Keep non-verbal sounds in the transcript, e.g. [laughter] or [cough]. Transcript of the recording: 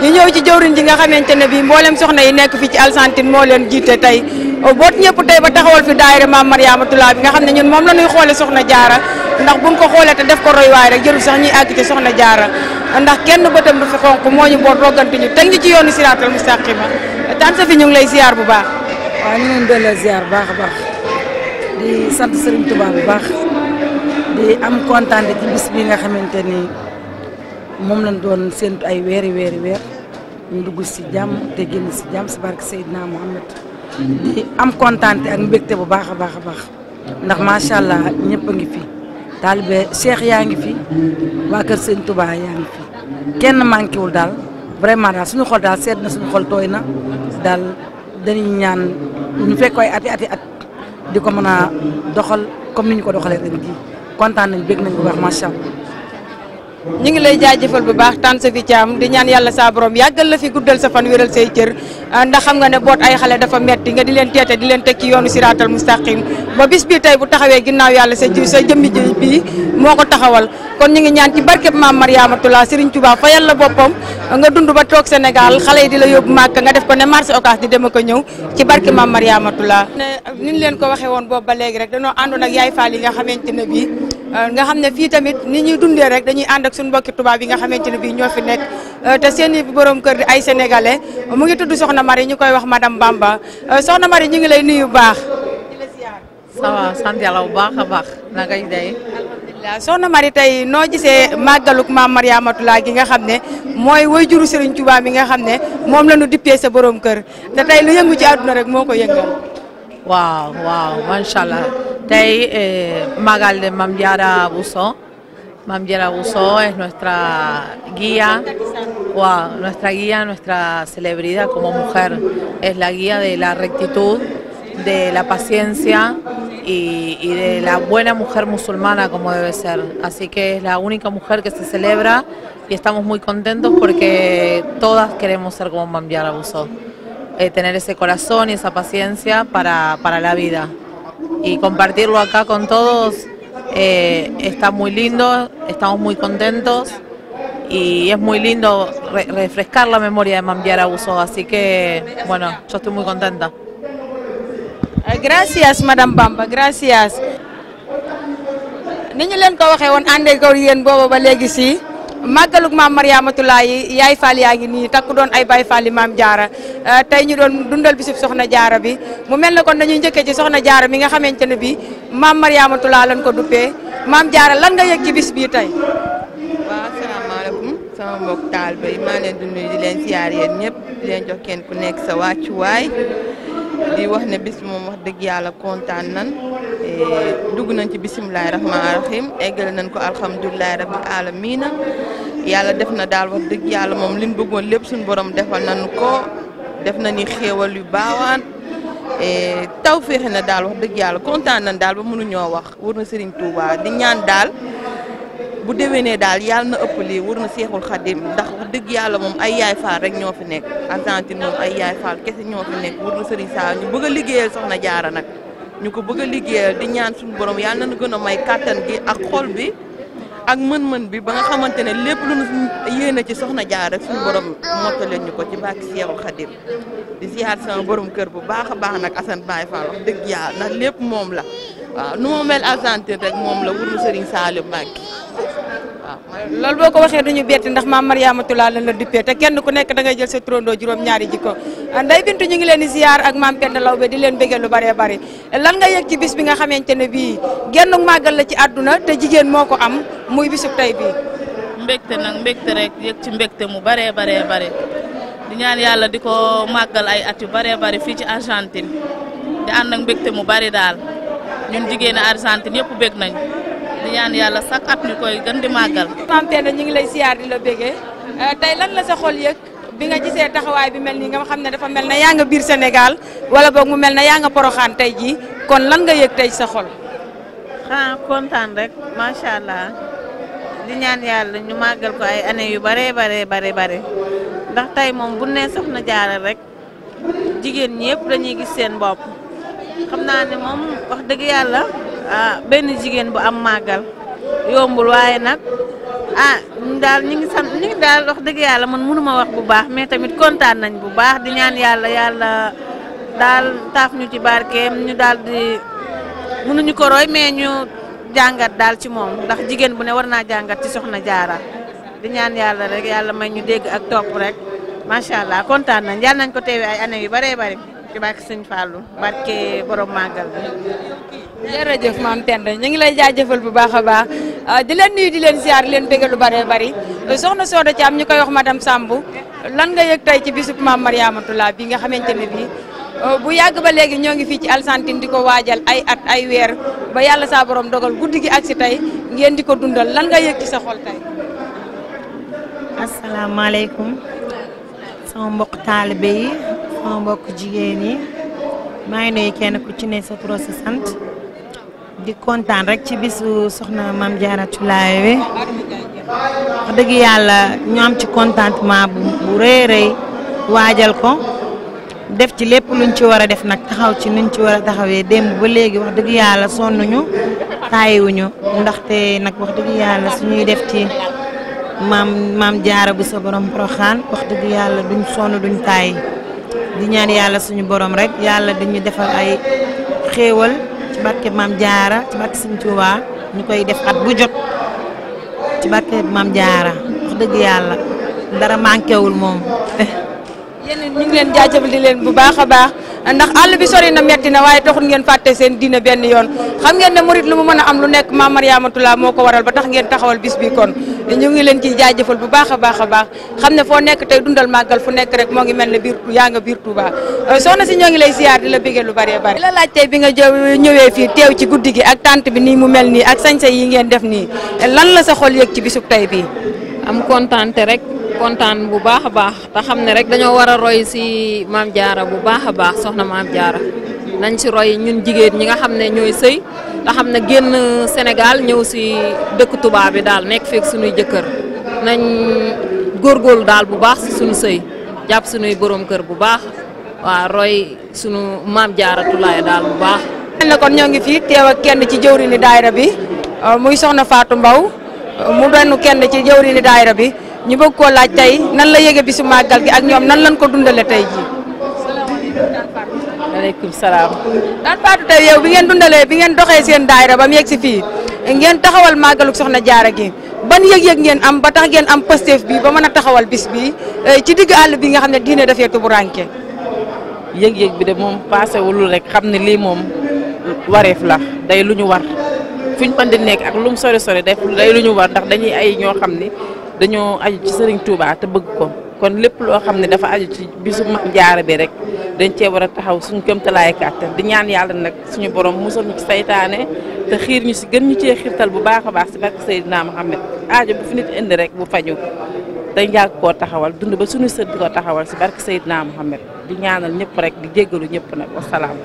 ñu ñëw ci jëwriñ ji nga xamante ne bii mboolem soxna yi nekk fii ci Alsantine moo leen jiite tey oh, boot ñëpp tey ba taxawal fi daayira maam Mariama Tula bi nga xam ne ñun moom la ñuy xoole soxna jaara ndax buñ ko xoolee te def ko roy waay rek jërul sax ñuy àgg ci soxna jaara ndax kenn bëtam du fi xonq moo ñu boot rogganti ñu teg ñu ci yoonu siraatal mustaqima tan sa fi ñu ngi lay ziar bu baax waaw ñu leen baax a baax sant Serigne Touba bu baax am kontaan ci bis bi nga xamante ni moom lañ doon séntu ay weeri weeri weer ñu dugg si jàmm te génn si jàmm si barke Seydina Mohamed di am kontaan ak mbégte bu baax a baax a baax ndax macha allah ñëpp a ngi fi taalibe Cheikh yaa ngi fi waa kër Sëñ Touba yaa ngi fi kenn manqué wul daal vraiment daal suñu xol daal seet na suñu xol tooy na daal dañuy ñaan ñu fekk koy ati ati at di ko mën a doxal comme ni ñu ko doxalee ren jii kontaan nañ bég nañ bu baax macha allah. ñu ngi lay jaajëfal bu baax tànn sa fi caam di ñaan yàlla saa borom yàggal la fi guddal sa fan wéral say cër ah, ndax xam nga ne boot ay xale dafa metti nga di leen teete di leen teg ci yoonu siraatal mustaqim ba bis bi tey bu taxawee ginnaaw yàlla sa ji sa jëmmi ji bii moo ko taxawal kon ñu ngi ñaan ci barkeb maam Mariama Tula Serigne Touba fayal la boppam nga dund ba toog Sénégal xale yi di la yóbbu Màkka nga def ko ne marché occas di dem ak a ñëw ci barke maam Mariama Tula ne ni ñu ko waxee woon boobu ba léegi rek dañoo àndoon ak yaay faal yi Euh, nga xam ne fii tamit ni ñuy dundee rek dañuy ànd ak suñu mbokki tubaab yi nga xamante ne bii ñoo fi nekk euh, te seen i borom kër di ay sénégalais mu ngi tudd Soxna Marie ñu koy wax madame Bamba euh, Soxna Marie ñu ngi lay nuyu baax. ça sant yàlla bu baax a baax ngay day. alhamdulilah Soxna mari tey noo gisee màggaluk maam Mariamatula gi nga xam ne mooy wayjuru Serigne Touba mi nga xam ne moom la ñu dippee sa borom kër te tey lu yëngu ci àdduna rek moo ko yëngal. waaw waaw macha allah. tey eh, Magal de Mam Yara Bousso. Mam es nuestra guía, nuestra guía, nuestra celebridad como mujer. Es la guía de la rectitud, de la paciencia y, de la buena mujer musulmana como debe ser. Así que es la única mujer que se celebra y estamos muy contentos porque todas queremos ser como Mam Yara eh, tener ese corazón y esa paciencia para la vida. y compartirlo acá con todos eh, está muy lindo, estamos muy contentos y es muy lindo re refrescar la memoria de Mambiar Abuso, así que bueno, yo estoy muy contenta. Eh, gracias Madame Bamba, gracias. ni ñu leen ko waxee woon àndee ko yéen booba ba léegi si màggalug maam Mariamatulaa yi yaay Fall yaa ngi nii takk doon ay Baay Fall yi maam Jaara euh, tey ñu doon dundal bisub soxna Jaara bi mu mel ne kon dañuy njëkkee ci soxna Jaara bi nga xamante ne bi maam Mariamatulaa lañ ko duppee maam Jaara lan nga ci bis bii tey. waaw asalaamaaleykum sama mbokk taalibe yi maa leen di nuyu di leen siyaar yéen ñëpp di leen jox kenn ku nekk sa wàccuwaay di wax ne bis moom wax dëgg yàlla kontaan nan e, dugg nañ ci bisimilah rahmaani rahim eggal nañ ko alhamdulilah rabbil alamina yàlla def na daal wax dëgg yàlla moom li liñ bëggoon lépp suñu borom defal nañu ko def na ni xéewal yu baawaan taw féexe na daal wax dëgg yàlla kontaan nañ daal ba ñoo wax wër na Serigne Touba di ñaan daal bu déwénee daal yàlla na ëpp lii wër na Seexul Xadim ndax wax dëgg yàlla moom ay yaay faal rek ñoo fi nekk Argentine moom ay yaay faal kese ñoo fi nekk wër na Serigne Sall ñu bëgg a liggéeyal soxna jaara nag ñu ko bëgg a liggéeyal di ñaan suñu borom yàlla nañu gën a may kàttan gi ak xol bi ak mën-mën bi ba nga xamante ne lépp lu ñu yéene ci soxna jaar rek suñu borom leen ñu ko ci bàkki Seexul Xadim di ziar sama borom kër bu baax a baax nag Assane Baye fa wax dëgg yàlla nag lépp moom la waaw nu ma mel Argentine rek moom la wuru Serigne Saliou Mbacké waaw loolu boo ko waxee duñu betti ndax maam Mariama Tula la duppee te kenn ku nekk da jël sa turandoo juróom ñaari jikko nday bintu ñu ngi leen di ziar ak maam Penda Lawbe di leen béggee lu bëree bëri lan nga yëg ci bis bi nga xamante ne bii genn màggal la ci àdduna te jigéen moo ko am muy bisub tey bii mbégte nag mbégte rek yëg ci mbégte mu bëree baree bëri di ñaan yàlla di ko màggal ay at yu bëree bëri fii ci Argentine di ànd ak mbégte mu bëri daal ñun jigéen Argentine yëpp bég nañ di ñaan yàlla chaque at ñu koy gën di màggal. maamtee na ñu ngi lay siyaar di la bégee euh, tey lan la sa xol yëg bi nga gisee taxawaay bi mel nii nga xam ne dafa mel na yaa nga biir Sénégal wala boog mu mel na yaa nga poroxaan tey jii kon lan nga yëg tey sa xol. ah kontaan rek macha allah di ñaan yàlla ñu màggal ko ay année yu bare bare bare bare ndax tey moom bu ne Soxna Jaara rek jigéen ñi yëpp dañuy gis seen bopp xam naa ne moom wax dëgg yàlla. ah benn jigéen bu am màggal yombul waaye nag ah daal ñu ngi sant ñu daal wax dëgg yàlla man mënuma wax bu baax mais tamit kontaan nañ bu baax di ñaan yàlla yàlla daal taaf ñu ci barkeem ñu daal di mënuñu ko roy mais ñu jàngat daal ci moom ndax jigéen bu ne war naa jàngat ci soxna jaara di ñaan yàlla rek yàlla may ñu dégg ak topp rek macha allah kontaan nañ yàlla nañ ko teewee ay année yu bëree bëri ci barke Sëñ Fallou barke borom màggal jërëjëf maam Penda ñu ngi lay jëfal bu baax a baax ah, di leen nuyu di leen ziar di leen bëgg lu bëree bëri soxna Soda Thiam ñu koy wax madame Samb lan nga yëg tey ci bisub maam Mariamatoula bi nga xamante ne bii ah, bu yàgg ba léegi ñoo ngi fii ci Alsantine di ko waajal ay at ay weer ba yàlla saa dogal guddi gi ak si tey ngeen di ko dundal lan nga yëg ci sa xol tey. asalaamaaleykum sama mbokk taalibe yi sama mbokk jigéen yi maa ngi nuyu kenn ku ci ne sa tur sa di kontaan rek ci bisu soxna maam Diarra Tullaawe bi wax dëgg yàlla ñu am ci contentement bu bu rëy waajal ko def ci lépp luñ ci war a def nag taxaw ci nuñ ci war a taxawee démb ba léegi wax dëgg yàlla sonnuñu taayiwuñu ndaxte nag wax dëgg yàlla suñuy def ci maam maam Diarra bu sa borom wax dëgg yàlla duñ sonn duñ taay di ñaan yàlla suñu borom rek yàlla dañu defal ay xéewal ci barke mam jaara ci barke Sëñ Tuubaa ñu koy def at bu jot ci barke mam jaara wax dëgg yàlla dara manqué moom. [laughs] yéen ñu ngi leen jaajëfal di leen bu baax a baax. ndax àll bi sori na metti na waaye taxul ngeen fàtte seen diina benn yoon xam ngeen ne murit lu mu mën a am lu nekk maam Mariama Tula moo ko waral ba tax ngeen taxawal bis bi kon ñu ngi leen ciy jaajëfal bu baax a baax a baax xam ne foo nekk tey dundal màggal fu nekk rek moo ngi mel ne biir yaa nga biir Touba euh, soxna si ñoo ngi lay siyaar di la bégee lu bëree bëri la laaj tey bi nga ñëwee fii teew ci guddi gi ak tant bi nii mu mel nii ak sañse yi ngeen def nii lan la sa xol yëg ci bisub tey bii am kontaante rek kontaan bu baax a baax te xam ne rek dañoo war a roy si maam jaara bu baax a baax soxna maam jaara nañ si roy ñun jigéen ñi nga xam ne ñooy sëy te xam ne génn Sénégal ñëw si dëkk tubaab bi daal nekk feek suñuy jëkkër nañ góorgóorlu daal bu baax si suñu sëy jàpp suñuy borom kër bu baax waa roy sunu maam jaara tulaay daal bu baax. kon ñoo ngi kenn ci jëwriñu daayira bi muy soxna Fatou Mbaw mu doon kenn ci jëwriñu daayira bi ñu bëgg koo laaj tey nan la yëge bisu màggal gi ak ñoom nan lañ ko dundale tey jii. maaleykum salaam. daan Fatou tey yow bi ngeen dundalee bi ngeen doxee seen daayira ba mu yegg si fii ngeen taxawal màggalu soxna jaara gi ban yëg yég ngeen am ba tax ngeen am pësteef bi ba mën a taxawal bis bi eh, ci digg àll bi nga xam ne diine dafee tuburanke yëg-yëg bi de moom paasewulul rek xam ne lii moom wareef la day lu ñu war. fi ñu mën di nekk ak lu mu sori sori day day lu ñu war ndax dañuy ay ñoo xam ni dañoo aju ci Serigne Touba te bëgg ko kon lépp loo xam ne dafa aju ci bisu Maam Jaara bi rek dañ cee war a taxaw suñu këmtalaay kàttan di ñaan yàlla nag suñu borom musal ñu ci saytaane te xiir ñu si gën ñu cee xiirtal bu baax a baax si barke Seydina Mohamed aajo bu fi nit indi rek bu faju te njàgg koo taxawal dund ba suñu sët di ko taxawal si barke naa Mohamed di ñaanal ñëpp rek di jéggalu ñëpp nag wasalaam